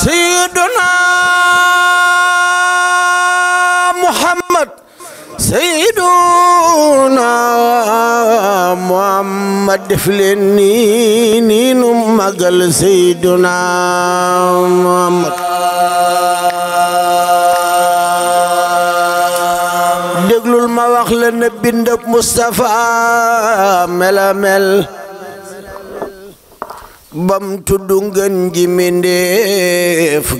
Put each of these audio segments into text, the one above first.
سيدنا محمد سيدنا محمد دفلني نين مغل سيدنا محمد déglul ma wax la ne bindab Mustafa mela mel bam tudd ngën ji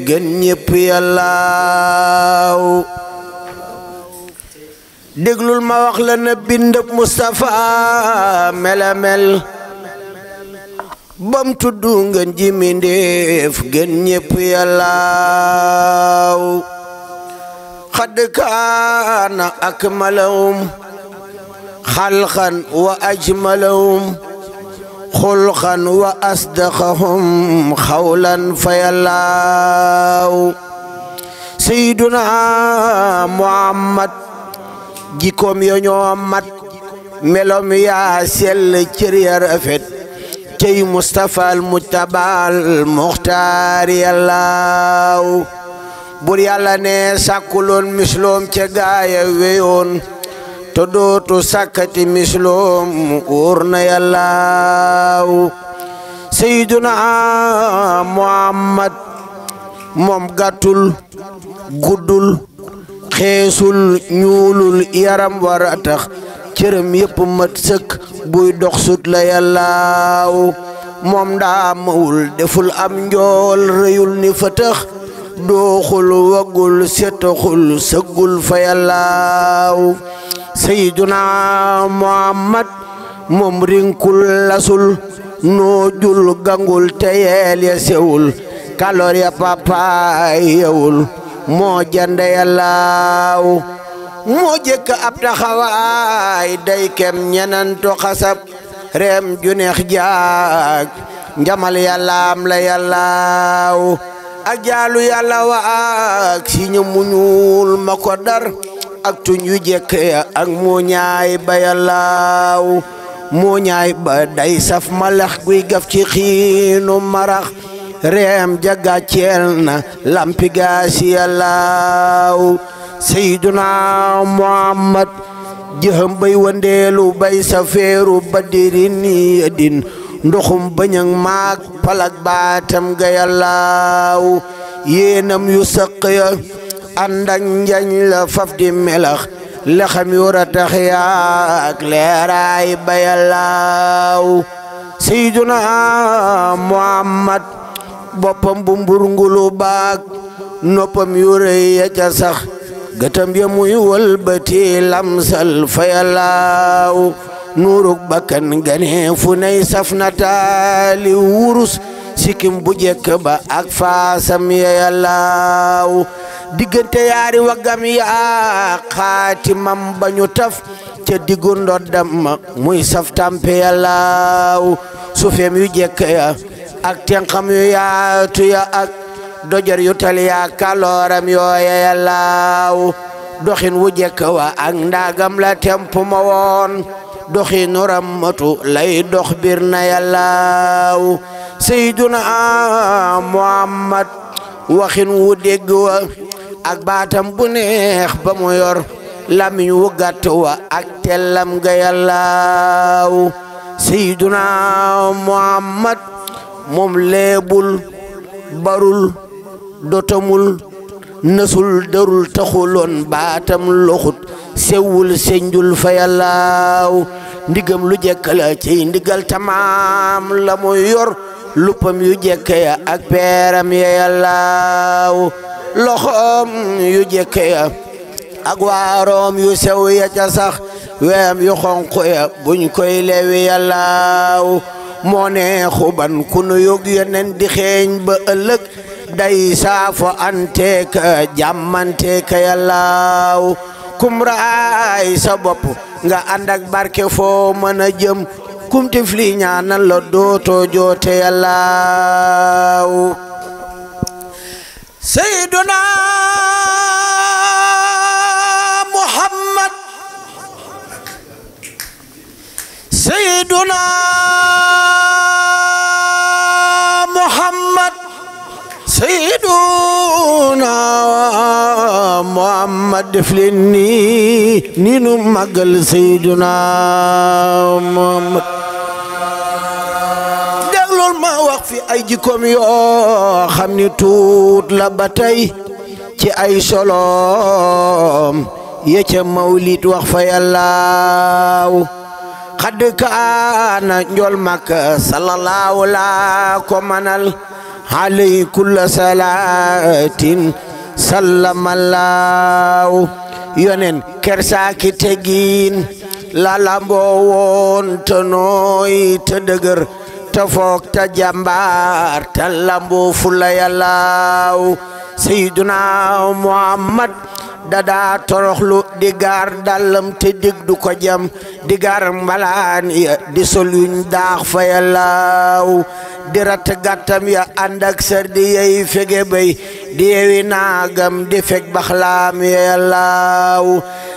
gën ñépp yàllaaw déglul ma wax la na Mustafa melamel bam tudd ngën ji mindéef gën ñépp yàllaaw xadd kaana akmalahum xalqan wa ajmalahum خلقا وأصدقهم خولا فيلاو سيدنا محمد جيكم ينومت ملوم يا سيل تريا رفت كي مصطفى المتبع المختار يلاو بور يالا ne sàkkuloon misloom ca gaaya weyoon te dootu sàkkati misloom wóor na yàllaaw sayyiduna muhammad moom gàttul guddul xeesul ñuulul yaram war a tax cërëm yépp mat sëkk buy dox sut la yàllaaw moom daa mawul deful am njool rëyul ni fa dooxul wagul setaxul sëggul fa yàllaaw sayyiduna muhammad moom rinkul lasul noojul gangul teyeel ya sewul kaloor ya papaay yewul moo jënd yàllaaw moo jëkk ab taxawaay day kem ñenantu xasab reem juneex jaag njamal yàllaam la yàllaaw ak jaalu yàlla waak si ñu muñul ma ko dar ak tuñ yu jekk ya ak muuñaay ba ya laaw muuñaay ba day saf malax guy gaf ci xiinu marax reem jaga ceel na lampi gaasi ya laaw sayduna muhammad jëxam bay wandeelu bay safeeru ba dirin yedin ndoxum bañang maak palak baatam ga ya laaw yéenam yu sëq ya ànd ak njañ la faf di melax lexam yu ratax yaak leeraay ba yàllaaw seyduna muhammad boppam bu mbur ngulu baak noppam yu rëy ya ca sax gëtam ya muy wëlbati lamsal fa yàllaaw nuurug bakkan gane fu nay saf na taali wurus sikim bu jekk ba ak faasam ya yàllaaw diggante yaari waggam yaa xaatimam ba ñu taf ca diggu ndoddam ma muy saf tampe yàllaaw sufeem yu jekk ya ak tenxam yu yaatu ya ak dojar yu tali yaa kalooram yooya yàllaaw doxin wu jekk wa ak ndaagam la temp ma woon doxinu rammatu lay dox bir na yàllaaw sayduna muhammad waxin wu dégg wa ak baatam bu neex ba mu yor lamiñ wu gàtt wa ak tellam ga yàllaaw sayyiduna muhammad moom leebul barul dotamul nasul darul taxuloon baatam loxut sewul senjul fa yàllaaw ndigam lu jekk la ci ndigal tamaam la mu yor luppam yu jekk ya ak peeram ya yàllaaw loxoom yu jëkk ya ak waaroom yu sew ya ca sax weem yu xonq ya buñ koy lewi yàllaaw moo ne xuban ku nu yóg yeneen di xeeñ ba ëllëg day saafo anteeka jàmmanteeka yàllaaw kum raay sa bopp nga ànd ak barke foo mën a jëm kumti fli ñaanal la dootoo joote yàllaaw sayyiduna muhammad sayyiduna muhammad sayyiduna muhammad def leen nii ni nu màggal sayyiduna muhammad wax fi ay jikkoom yoo xam ni tuut la ba tey ci ay soloom ya ca mawlit wax fa yàllaaw xadd kaana njool makka sallallahu laa ko manal alay kulla salaatin sallamallaaw yonen kersaaki tegiin la lamboo woon te dëgër te foog ta jàmbaar te lambu fula yàllaaw sayyiduna muhammad dadaa toroxlu di gaar dàllam te dig du ko jam di gaar mbalaan ya di sol yuñ daax fa yàllaaw di rat gàttam ya ànd ak sër fege bay di yewi naagam di feg baxlaam ya yàllaaw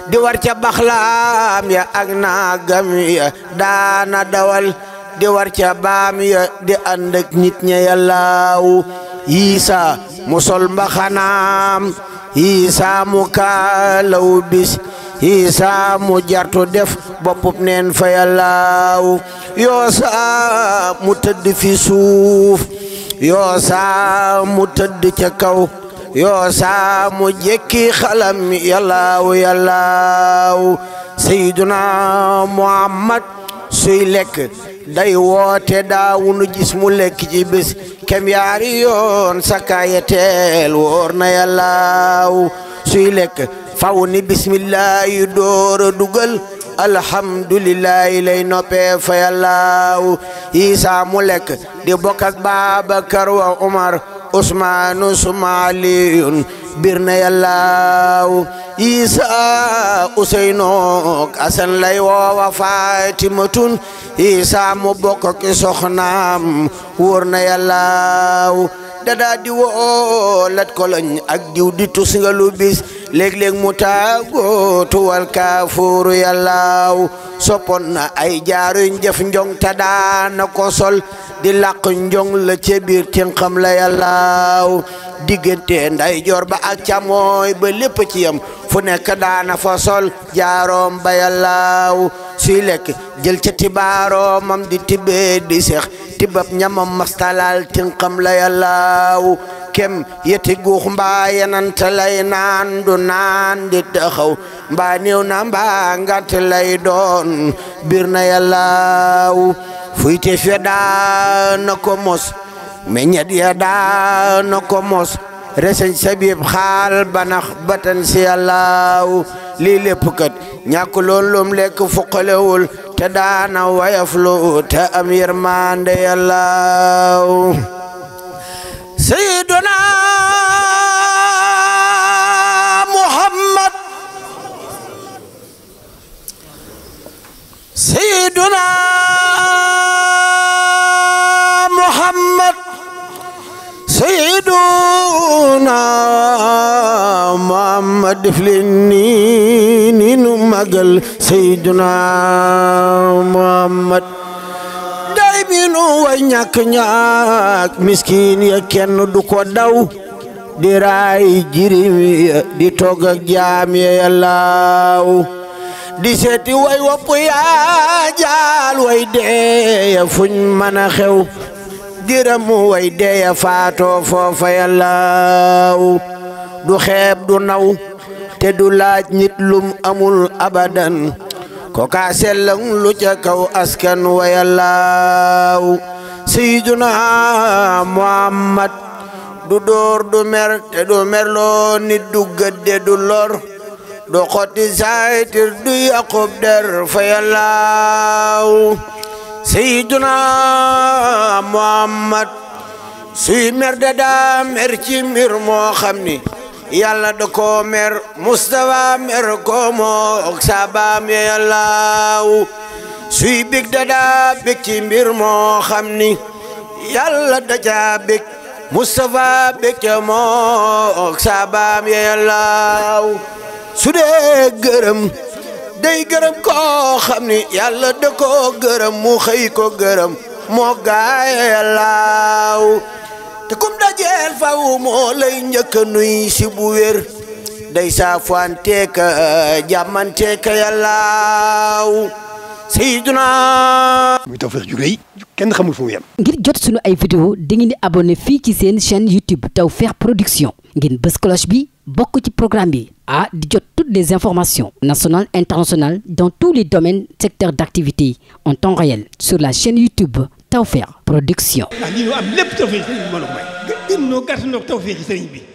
di war ca baxlaam ya ak naagam ya daana dawal di war ca baam ya di ànd ak nit ña yàllaaw yiisa mu sol mbaxanaam yiisa mu kaalaw bis yiisa mu jartu def boppub neen fa yàllaaw yoosa mu tëdd fi suuf yoosa mu tëdd ca kaw yoosa mu jekki xalam yàllaaw yàllaaw sayyiduna muhammad suy lekk day woote daawunu gis mu lekk ci bés kem yaari yoon sakkaaya teel na yàllaaw suy lekk faw ni bismillaahi door a dugal alhamdulillahi lay noppee fa yàllaaw isaa mu lekk di bokk ak Baabakar Umar usmaanu suma aliyun birna yallaaw isa useynook asan lay woowa faatimatun isa mu bokk ki soxnaam wóor yallaaw dadaa di woo lat koloñ ak diw di tus nga lu bis léeg mu tàggoo tuwal kaafuuru yallaaw soppoon ay jaaruñ jëf njong ta daana ko sol di làq njong la ca biir ci xam la yàllaaw diggante nday joor ba ak càmmooy ba lépp ci yam fu nekk daana fa sol jaaroom ba yàllaaw suy lekk jël ca tibaaroomam di tibbee di seex tibab ñamam mastalaal ci la yàllaaw kem yeti guux mbaa yenant lay naan du naan di taxaw mbaa néew na mbaa ngant lay doon bir na yàllaaw fuyte fe daana ko mos meññet ya daana ko mos reseñ sabib xaal banax batan si yàllaaw lii lépp kat ñàkk loon lum lekk fuqalewul te daana wayaf lu te am yërmande yàllaaw سيدنا محمد سيدنا محمد سيدنا محمد دفلني نينو ماغل سيدنا محمد miskiinu way ñàkk ñàkk miskiin ya kenn du ko daw di raay jirim ya di togg ak jaam ya yallaaw di seeti way wopp yaa jaal way dee fuñ mën a xew giramu way dee ya faatoo foofa yallaaw du xeeb du naw te du laaj nit lum amul abadan koka sellang lu ca kaw askan wa yallaaw sayyiduna muhammad du door du mer te du mer loo du gëdde du lor du xotti saytir du yaqub der fa yallaaw sayyiduna muhammad suy mer da daa mer ci xam ni yàlla da ko mer Mustafa mer ko mook saabaam ya yàllaaw suy bég da daa bég ci mbir moo xam ni yàlla da caa bég Mustafa bég ca mook saabaam ya yàllaaw su dee gërëm day gërëm koo xam ni yàlla da ko gërëm mu xëy ko gërëm moo gaaya yàllaaw dajeel faw moo lay njëkk nuy si eh, kenn xamul fu ngir jot sunu ay vidéo dangeen di abonné fii ci seen chaîne YouTube Tawfekh Production ngeen bës cloche bi bokk ci programme bi ah di jot toutes les informations nationales internationales dans tous les domaines secteurs d'activité en temps réel sur la chaîne YouTube Tawfekh Production. ah am lépp tawfeer ci sëriñ bi mën a may. gën noo gàtt noo tawfeer ci sëriñ bi.